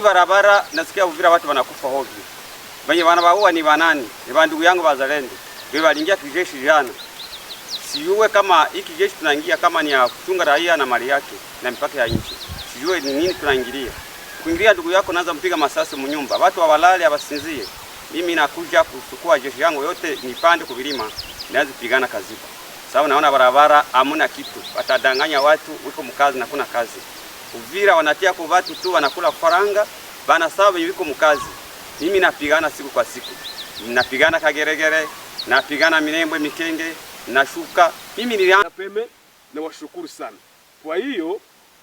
hii barabara nasikia Uvira watu wanakufa hovyo. Wenye wanawaua ni wanani? Ni bandugu yangu wazalendo. Wewe waliingia kijeshi jana. Sijue kama hii kijeshi tunaingia kama ni ya kuchunga raia na mali yake na mipaka ya nchi. Sijue ni nini tunaingilia. Kuingilia ndugu yako naanza mpiga masasi mnyumba. Watu hawalali hawasinzie. Mimi nakuja kuchukua jeshi yangu yote nipande kuvilima. naanze kupigana kazi. Sababu naona barabara hamuna kitu. Watadanganya watu, uko mkazi na kuna kazi. Uvira wanatia kwa watu tu wanakula faranga bana sawa yuko mkazi. Mimi napigana siku kwa siku. Napigana Kageregere, napigana Mirembwe, Mikenge, nashuka. Mimi nilianza peme na washukuru sana. Kwa hiyo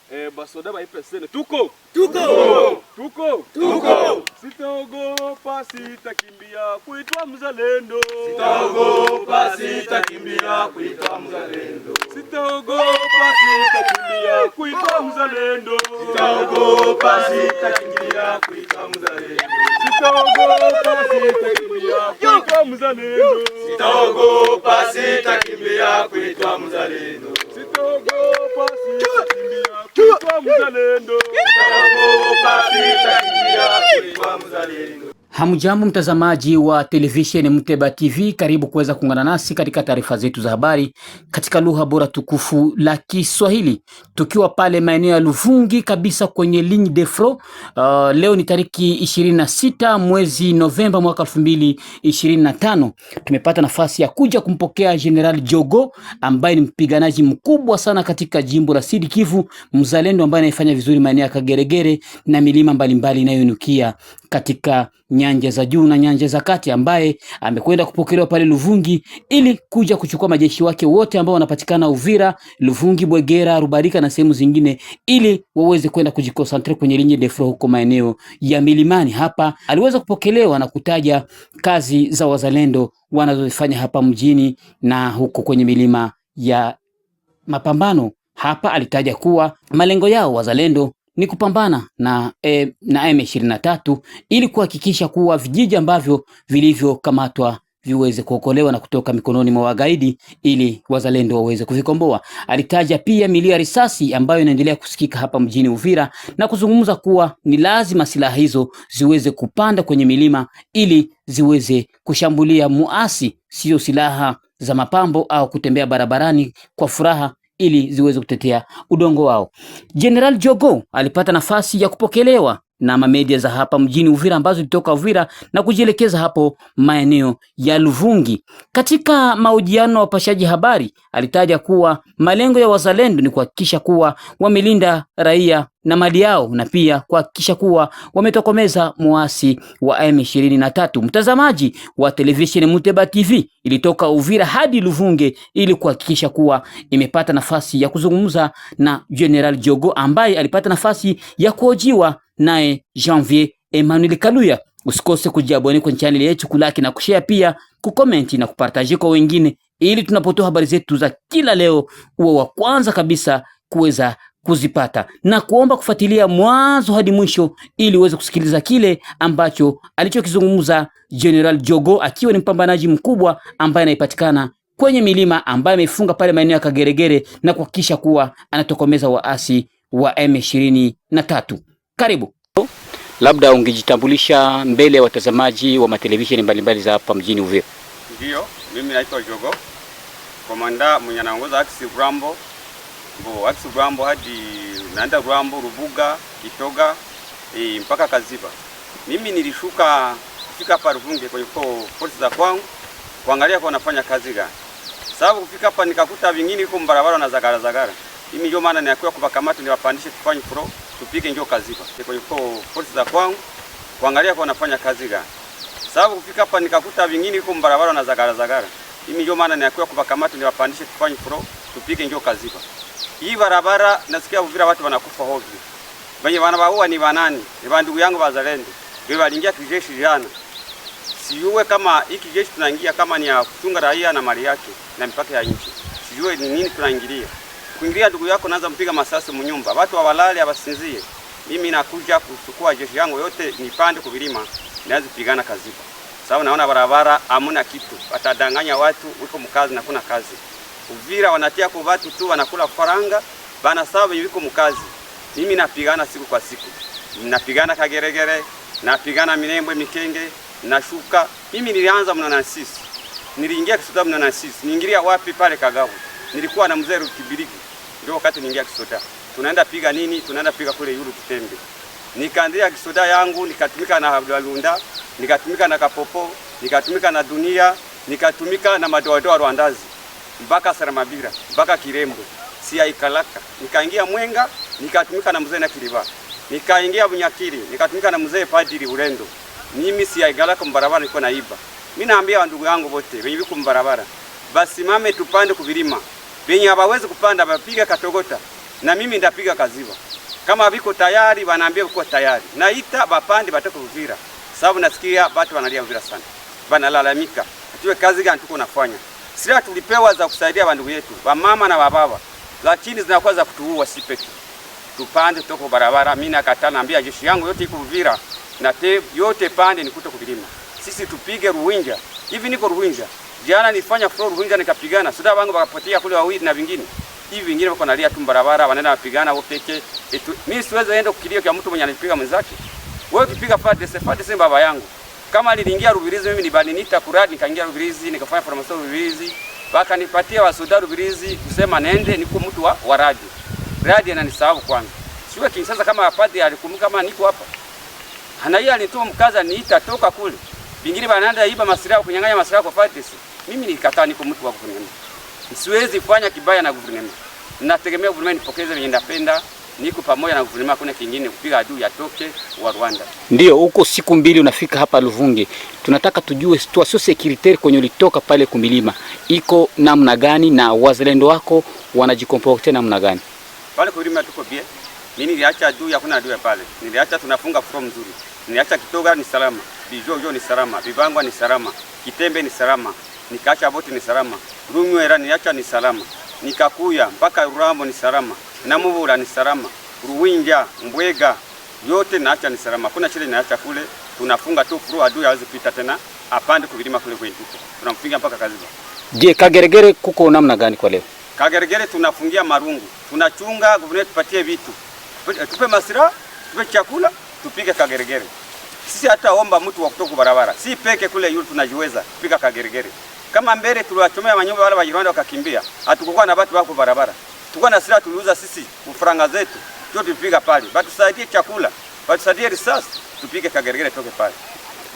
Eh, basoda baipesene sene tuko tuko tuko tuko, Sitaogopa, sitakimbia kuitwa mzalendo, sitaogopa, sitakimbia kuitwa mzalendo, sitaogopa, sitakimbia kuitwa mzalendo, sitaogopa, sitakimbia kuitwa mzalendo, sitaogopa, sitakimbia kuitwa mzalendo, sitaogopa, sitakimbia kuitwa mzalendo, sitaogopa kuitwa mzalendo. Hamjambo mtazamaji wa televisheni Muteba TV, karibu kuweza kuungana nasi katika taarifa zetu za habari katika lugha bora tukufu la Kiswahili, tukiwa pale maeneo ya Luvungi kabisa kwenye ligne de front. Uh, leo ni tariki 26 mwezi Novemba mwaka 2025. Tumepata nafasi ya kuja kumpokea General Jogo ambaye ni mpiganaji mkubwa sana katika jimbo la Sud Kivu, mzalendo ambaye anafanya vizuri maeneo ya Kageregere na milima mbalimbali inayoinukia katika nyanja za juu na nyanja za kati, ambaye amekwenda kupokelewa pale Luvungi ili kuja kuchukua majeshi wake wote ambao wanapatikana Uvira, Luvungi, Bwegera, Rubarika na sehemu zingine, ili waweze kwenda kujikonsantre kwenye linje de huko maeneo ya milimani. Hapa aliweza kupokelewa na kutaja kazi za wazalendo wanazozifanya hapa mjini na huko kwenye milima ya mapambano. Hapa alitaja kuwa malengo yao wazalendo ni kupambana na, e, na M23 ili kuhakikisha kuwa vijiji ambavyo vilivyokamatwa viweze kuokolewa na kutoka mikononi mwa wagaidi ili wazalendo waweze kuvikomboa. Alitaja pia milio ya risasi ambayo inaendelea kusikika hapa mjini Uvira na kuzungumza kuwa ni lazima silaha hizo ziweze kupanda kwenye milima ili ziweze kushambulia muasi, siyo silaha za mapambo au kutembea barabarani kwa furaha ili ziweze kutetea udongo wao. General Jogo alipata nafasi ya kupokelewa na mamedia za hapa mjini Uvira ambazo ilitoka Uvira na kujielekeza hapo maeneo ya Luvungi. Katika mahojiano na wapashaji habari, alitaja kuwa malengo ya wazalendo ni kuhakikisha kuwa wamelinda raia na mali yao na pia kuhakikisha kuwa wametokomeza muasi wa M23. Mtazamaji wa televisheni Muteba TV ilitoka Uvira hadi Luvunge ili kuhakikisha kuwa imepata nafasi ya kuzungumza na General Jogo ambaye alipata nafasi ya kuhojiwa naye Janvier Emmanuel Kaluya. Usikose kujiabone kwenye chaneli yetu, kulaki na kushare, pia kukomenti na kupartaji kwa wengine, ili tunapotoa habari zetu za kila leo uwe wa kwanza kabisa kuweza kuzipata na kuomba kufuatilia mwanzo hadi mwisho ili uweze kusikiliza kile ambacho alichokizungumza General Jogo, akiwa ni mpambanaji mkubwa ambaye anaipatikana kwenye milima ambaye amefunga pale maeneo ya Kageregere na kuhakikisha kuwa anatokomeza waasi wa M23. Karibu. Labda ungejitambulisha mbele ya watazamaji wa matelevisheni mbalimbali za hapa mjini Uvira. Ndio, mimi naitwa Jogo komanda mwenye anaongoza Axis Rwambo mbo Axis Rwambo hadi naenda Rwambo, Rubuga, Kitoga e, mpaka Kaziba. Mimi nilishuka kufika hapa kwa hiyo forces za kwangu kuangalia kwa wanafanya kazi gani, sababu kufika hapa nikakuta vingine huko mbarabara na zagara zagara. Mimi ndio maana niakuwa kubakamata niwapandishe kufanya pro tupige njoo kazi kwa kwenye polisi za kwangu kuangalia kwa wanafanya kazi gani, sababu kufika hapa nikakuta vingine huko mbarabara na zagara zagara. Mimi ndio maana niakuwa kupakamata niwapandishe tufanye pro tupige njoo kazi kwa hii barabara. Nasikia Uvira watu wanakufa hovyo, wenye wanawaua ni wanani? Ni ndugu yangu wazalendo ndio waliingia kijeshi jana. Sijue kama hii kijeshi tunaingia kama ni ya kuchunga raia na mali yake na mipaka ya nchi, sijue ni nini tunaingilia kuingilia ndugu yako, naanza mpiga masasi mnyumba, watu hawalali hawasinzie. Mimi nakuja kuchukua jeshi yangu yote nipande kuvilima, naanza kupigana kaziba. Sababu naona barabara hamuna kitu, watadanganya watu, uko mkazi na kuna kazi. Uvira wanatia kwa watu tu, wanakula faranga bana, sababu yuko mkazi. Mimi napigana siku kwa siku, napigana Kageregere, napigana Mirembwe, Mikenge, nashuka. Mimi nilianza sisi. niliingia Kisuda sisi. niingilia wapi pale Kagavu, nilikuwa na mzee Rukibirigi ndio wakati niingia kisoda, tunaenda piga nini, tunaenda piga kule yulu Kitembe. Nikaanzia kisoda yangu, nikatumika na Abdalunda, nikatumika na Kapopo, nikatumika na Dunia, nikatumika na madoadoa Rwandazi mpaka Saramabira mpaka Kirembo siaikalaka. Nikaingia Mwenga, nikatumika na mzee na Kiliba. nikaingia Bunyakiri, nikatumika na mzee Padiri Urendo. Mimi siaikalaka mbarabara, niko naiba. Mimi naambia ndugu yangu wote wenyewe kumbarabara. basimame tupande kuvilima venye hawawezi kupanda wapiga katogota, na mimi ndapiga kaziwa. Kama viko tayari, wanaambia kuwa tayari, naita bapande batoka Uvira, sababu nasikia watu wanalia Uvira sana, wanalalamika atue kazi gani tuko nafanya. Sira tulipewa za kusaidia wandugu yetu wamama na wababa, lakini zinakuwa za kutuua si peke Tupande toko barabara, mimi nakataa, naambia jeshi yangu yote iko Uvira na te, yote pande nikuto kuvilima, sisi tupige Ruwinja hivi, niko Ruwinja Jana nifanya floor Ruhunja nikapigana. Sasa wangu wakapotea kule wawili na vingine. Hivi vingine wako nalia tu barabara wanaenda wapigana wao peke. Mimi siwezi enda kukilio kwa mtu mwenye anipiga mwenzake. Wewe ukipiga fadi fadi Fadese baba yangu. Kama aliingia Rubirizi mimi ni bani nita kuradi nikaingia Rubirizi nikafanya farmasi Rubirizi. Baka nipatie wa wasoda Rubirizi kusema nende niko mtu wa, wa radio. Radio ananisahau kwangu Siwe kinsasa kama apate alikumbuka kama niko hapa. Hana yeye alinituma mkaza niita toka kule. Vingine banaenda iba masilaha kunyang'anya masilaha kwa Fadese mimi nilikataa, niko mtu wa government, siwezi kufanya kibaya na government. Nategemea government nipokeze vile ninapenda, niko pamoja na government, Kuna kingine kupiga adui atoke wa Rwanda. Ndio huko siku mbili unafika hapa Luvungi, tunataka tujue situation securitaire kwenye ulitoka pale kumilima iko namna gani na wazalendo wako wanajikomporte namna gani pale kulima? Tuko bie, mimi niliacha adui, hakuna adui pale, niliacha tunafunga from nzuri, niliacha kitoga ni salama, bijojo ni salama, bibangwa ni salama, kitembe ni salama nikaacha boti ni salama runywera niacha ni salama nikakuya mpaka rurambo ni salama namuvula ni salama ruwinja mbwega yote naacha ni salama kuna chile naacha kule tunafunga tu furu adui hawezi pita tena apande kuvilima kule kwetu tunamfinga mpaka kaziba je kageregere kuko namna gani kwa leo kageregere tunafungia marungu tunachunga guverneti tupatie vitu tupe masira tupe chakula tupige kageregere sisi hata omba mtu wa kutoka barabara, si peke kule yule tunajiweza pika kageregere. Kama mbele tuliwachomea manyumba wale wajiranda wakakimbia, hatukukuwa na watu wako barabara, tulikuwa na silaha, tuliuza sisi ufaranga zetu ndio tupiga pale. Batusaidie chakula, batusaidie risasi, tupige kageregere toke pale.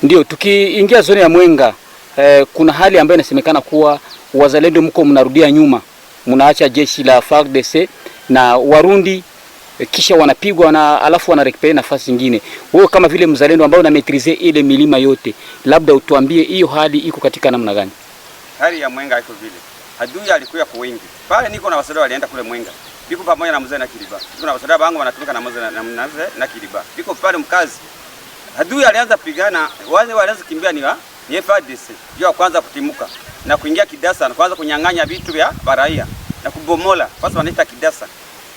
Ndio tukiingia zone ya Mwenga eh, kuna hali ambayo inasemekana kuwa wazalendo mko mnarudia nyuma, mnaacha jeshi la FARDC na Warundi Eh, kisha wanapigwa na alafu wanarekipere nafasi nyingine. Wewe kama vile mzalendo ambao unametrize ile milima yote, labda utuambie hiyo hali iko katika namna gani? Hali ya Mwenga iko vile, adui alikuya kwa wingi pale, niko na wasada walienda kule Mwenga, niko pamoja na mzee na Kiliba, niko na wasada wangu wanatumika na mzee na mzee na Kiliba, niko pale mkazi. Adui alianza pigana, wale walianza kimbia ni wa ni FDC ndio kwanza kutimuka na kuingia Kidasa na kwanza kunyang'anya vitu vya baraia na kubomola, kwa sababu wanaita Kidasa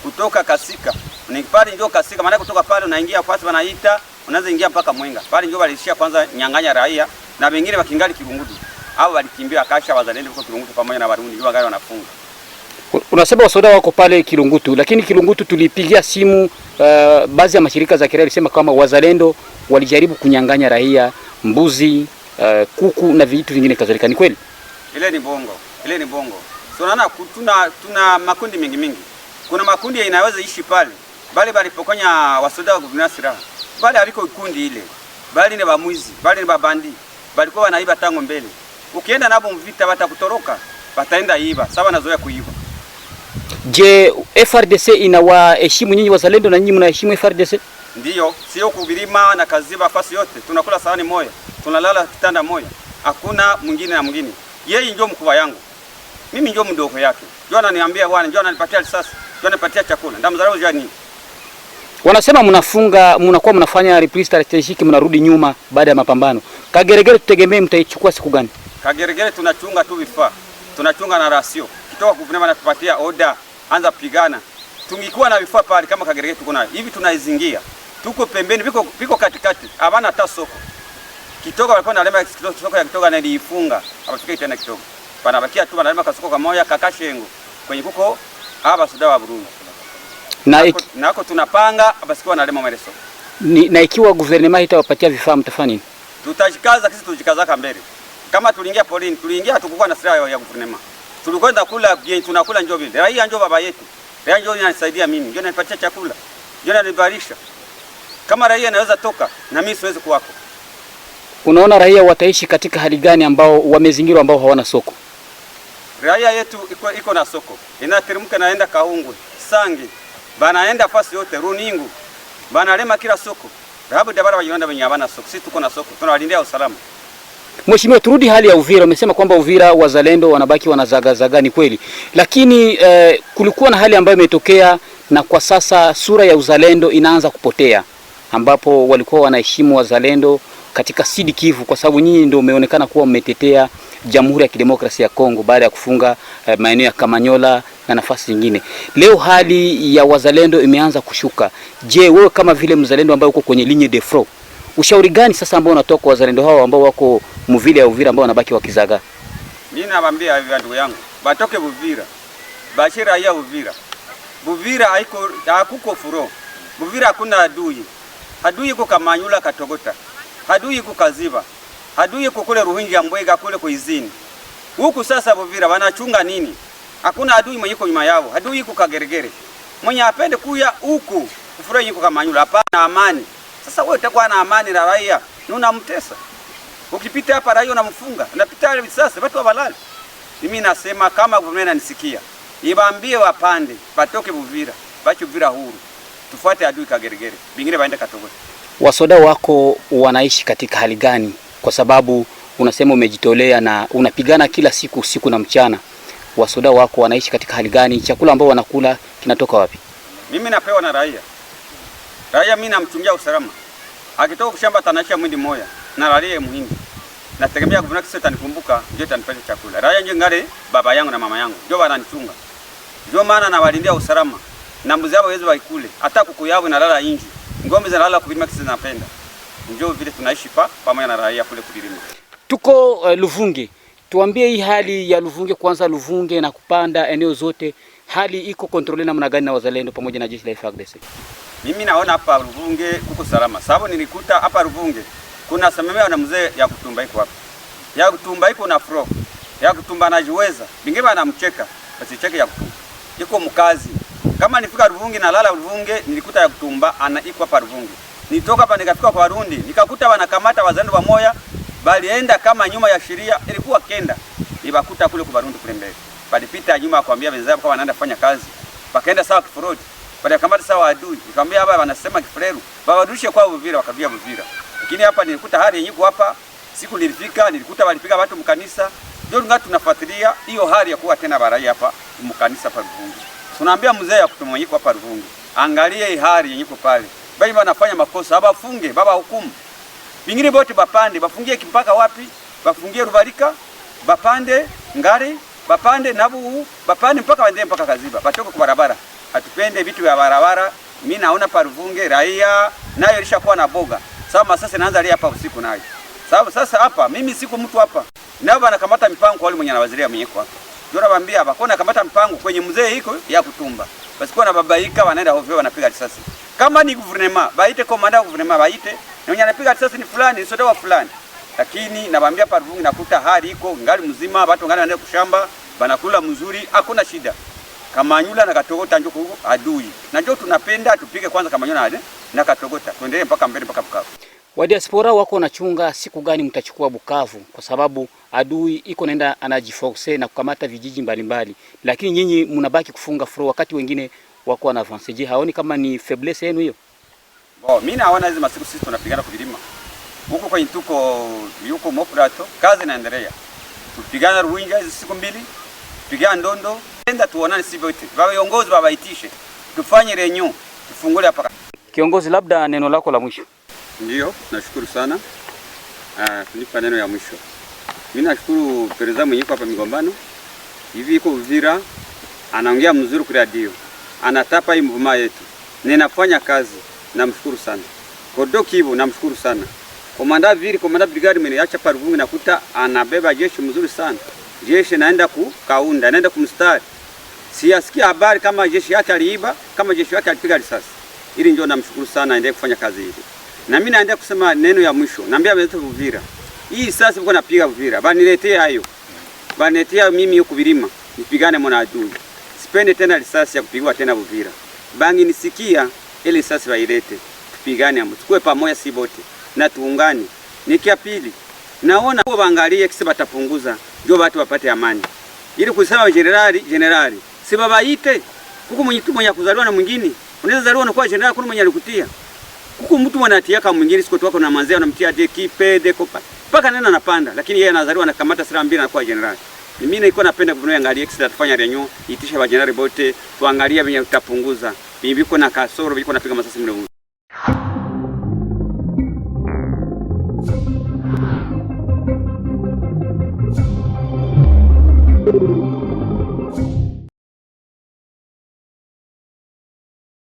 kutoka Kasika ni pale ndio kasika, maana kutoka pale unaingia fasi wanaita, unaanza ingia mpaka Mwenga pale ndio walishia kwanza nyang'anya raia na wengine wakingali Kirungudu au walikimbia kasha wazalendo huko Kirungudu pamoja na Warundi ndio wangali wanafunga. Unasema wasoda wako pale Kirungutu, lakini Kirungutu tulipigia simu uh, baadhi ya mashirika za kiraia lisema kama wazalendo walijaribu kunyang'anya raia mbuzi, uh, kuku na vitu vingine kadhalika. Ni kweli? Ile ni bongo, ile ni bongo. So, naona tuna, tuna makundi mengi mengi, kuna makundi yanaweza ishi pale bali balipokonya wasoda wa guvina silaha bali aliko ikundi ile bali ni bamwizi bali ni babandi balikuwa wanaiba tango mbele. Ukienda nabo mvita watakutoroka, bataenda iba sawa nazoea kuiba. Je, FRDC inawaheshimu nyinyi wazalendo na nyinyi mnaheshimu FRDC? ndio sio kuvilima na kaziba fasi yote, tunakula sahani moja, tunalala kitanda moja, hakuna mwingine na mwingine. Yeye ndio mkubwa yangu, mimi ndio mdogo yake, ndio ananiambia bwana, ndio ananipatia risasi, ndio ananipatia chakula, ndamzalau jani Wanasema mnafunga mnakuwa mnafanya replace strategic mnarudi nyuma baada ya mapambano. Kageregere tutegemee mtaichukua siku gani? Kageregere tunachunga tu vifaa. Tunachunga na rasio. Kitoka kuvunema na kupatia order, anza pigana. Tungikuwa na vifaa pale kama Kageregere tuko nayo. Hivi tunaizingia. Tuko pembeni, viko viko katikati. Habana hata soko. Kitoka walikuwa nalema soko ya kitoka na iliifunga. Abafika tena kitoka. Panabakia tu wanalema kasoko kamoya kakashengo. Kwenye kuko aba sudawa Burundi na iki... na wako tunapanga basi kwa nalema maelezo ni, na ikiwa guvernema itawapatia vifaa mtafanya nini? Tutajikaza kisi tujikaza mbele. Kama tuliingia polini, tuliingia hatukukuwa na silaha ya guvernema, tulikwenda kula bien, tunakula njoo vile raia, njoo baba yetu raia, njoo inanisaidia mimi, njoo inanipatia chakula, njoo inanibarisha. Kama raia anaweza toka na mimi siwezi kuwako. Unaona raia wataishi katika hali gani ambao wamezingirwa, ambao hawana soko? Raia yetu iko, iko na soko inateremka naenda Kaungwe Sange banaenda fasi yote runingu banalema kila soko labda bara wajionda wenye habana soko. Sisi tuko na soko, tunawalindia usalama. Mheshimiwa, turudi hali ya Uvira. Umesema kwamba Uvira wazalendo wanabaki wanazagazaga, ni kweli, lakini eh, kulikuwa na hali ambayo imetokea na kwa sasa sura ya uzalendo inaanza kupotea, ambapo walikuwa wanaheshimu wazalendo katika Sidi Kivu, kwa sababu nyinyi ndio umeonekana kuwa mmetetea Jamhuri ya Kidemokrasia ya Kongo baada ya kufunga eh, maeneo ya Kamanyola na nafasi nyingine. Leo hali ya wazalendo imeanza kushuka. Je, wewe kama vile mzalendo ambaye uko kwenye linye de front, ushauri gani sasa ambao unatoka kwa wazalendo hao ambao wako mvile ya Uvira ambao wanabaki wakizaga? Mimi nawaambia hivi ndugu yangu, batoke Uvira. Bashira ya Uvira. Uvira haiko hakuko furo. Uvira hakuna adui. Adui iko Kamanyula Katogota. Adui yuko Kaziba. Adui yuko kule ya Mbwega kule kuizini. Huku sasa Uvira wanachunga nini? Hakuna adui mwenye yuko nyuma yao. Adui yuko kageregere. Mwenye apende kuya huku kufurahi yuko kama nyula hapa na amani. Sasa wewe utakuwa na amani na raia. Ni unamtesa. Ukipita hapa raia unamfunga. Unapita hapa sasa watu wabalali. Mimi nasema kama government ananisikia, Ibambie wapande, batoke Buvira, bache Buvira huru. Tufuate adui kageregere. Bingine baende Katogota. Wasoda wako wanaishi katika hali gani? Kwa sababu unasema umejitolea na unapigana kila siku usiku na mchana wasoda wako wanaishi katika hali gani? Chakula ambao wanakula kinatoka wapi? Mimi napewa na raia. Raia mimi namchungia usalama. Akitoka kushamba tanaisha mwindi moya na raia muhindi. Nategemea kuvuna kisa tanikumbuka ndio tanipata chakula. Raia ndio ngale baba yangu na mama yangu ndio wananichunga. Ndio maana nawalindia usalama. Na mbuzi yao wezi waikule. Hata kuku yao inalala inji, Ngombe zinalala kulima kisa zinapenda. Ndio vile tunaishi pa pamoja na raia kule kulima. Tuko uh, Luvungi tuambie hii hali ya Luvunge kwanza, Luvunge na kupanda eneo zote, hali iko kontrole namna gani na wazalendo pamoja na jeshi la FARDC? Mimi naona hapa Luvunge kuko salama, sababu nilikuta hapa Luvunge kuna sememea na mzee ya kutumba iko hapa, ya kutumba iko na fro ya kutumba na najiweza, bingine anamcheka cheke ya kutumba iko mkazi kama nifika Luvunge na lala Luvunge, nilikuta ya kutumba ana iko hapa Luvunge, Nitoka hapa nikafika kwa Rundi, nikakuta wanakamata wazalendo wa moya bali enda kama nyuma ya sheria, ilikuwa kenda ibakuta kule kwa Barundi kule mbele, bali pita nyuma akwambia wenzao kwa wanaenda kufanya kazi, pakaenda sawa kifurodi, bali akamata sawa adui nikamwambia hapa wanasema kifureru bawarudishe kwa Uvira, wakavia Uvira. Lakini hapa nilikuta hali yenyewe hapa, siku nilifika nilikuta walipiga watu mkanisa, ndio ngati tunafuatilia hiyo hali ya kuwa tena barai hapa mkanisa pa Ruvungi. Tunaambia mzee ya kutumanyiko hapa Ruvungi, angalie hali yenyewe pale, bali wanafanya makosa, funge baba hukumu vingine bote bapande bafungie kimpaka wapi? Bafungie Rubarika, bapande Ngari, bapande Nabuhu, bapande mpaka wende mpaka Kaziba, batoke kwa barabara. Hatupende vitu vya barabara. Mimi naona paruvunge raia nayo ilishakuwa na boga sababu sasa naanza leo hapa usiku nayo sababu sasa hapa mimi siku mtu hapa nao wanakamata mipango kwa wale mwenye anawaziria mnyeko hapa Jora bambia hapa kwa nakamata mpango kwenye mzee hiko ya kutumba. Basi kwa na babaika wanaenda hovyo wanapiga risasi. Kama ni guvernema, baite komanda guvernema baite na mwenye anapiga risasi ni fulani, ni sodawa fulani. Lakini nawaambia Parvungi, nakuta hali iko ngali mzima, watu ngali wanaenda kushamba banakula mzuri, hakuna shida. Kamanyula na Katogota njoo adui. Na njoo tunapenda tupige kwanza Kamanyula na Katogota. Tuendelee mpaka mbele mpaka Bukavu. Wa diaspora wako wanachunga siku gani mtachukua Bukavu, kwa sababu adui iko naenda anajiforce na kukamata vijiji mbalimbali, lakini nyinyi mnabaki kufunga furo, wakati wengine wako wana avance. Je, haoni kama ni faiblesse yenu hiyo? Bo, oh, mimi naona hizi masiku sisi tunapigana kuvilima. Huko kwenye tuko yuko Moprato, kazi inaendelea. Tupigana Ruinga hizi siku mbili, pigana Ndondo, enda tuonane sisi wote. Baba viongozi baba itishe. Tufanye renyu, tufungule hapa. Kiongozi, labda neno lako la mwisho. ndio nashukuru sana. Ah, kunipa neno ya mwisho. Mimi nashukuru Pereza mwenyeko hapa Migombano. Hivi iko Uvira, anaongea mzuri kwa radio. Anatapa hii mvuma yetu. Ninafanya kazi namshukuru sana Kordo Kivu, namshukuru sana komanda vili komanda brigadi mwenye acha paruvungi, nakuta anabeba jeshi mzuri sana jeshi naenda kukaunda, naenda kumstari, siasikia habari kama jeshi yake aliiba, kama jeshi yake alipiga risasi. Ili ndio namshukuru sana, endelee kufanya kazi hii. Na mimi naendelea kusema neno ya mwisho, naambia wenzetu Vuvira, hii sasa niko napiga Vuvira, baniletee hayo, baniletee hayo, mimi huko vilima nipigane mwana adui, sipende tena risasi ya kupigwa tena Vuvira, bangi nisikia ili sasa wailete, tupigane amu, tukue pamoja, si bote na tuungane. Ni kia pili, naona kwa waangalie kisa batapunguza, ndio watu wapate amani, ili kusema generali generali si baba ite kuko mwenye mwenye kuzaliwa na mwingine, unaweza zaliwa na kuwa generali, kuna mwenye alikutia kuko mtu mwanatia kama mwingine siku tu wako na manzea unamtia de kipe de kopa paka nena anapanda, lakini yeye anazaliwa na kamata sira mbili na kuwa generali. Mimi nilikuwa napenda kuvunia angalia kisa tafanya renyo itisha wa generali bote, tuangalia venye tutapunguza bibiko na kasoro biko napiga masasi mle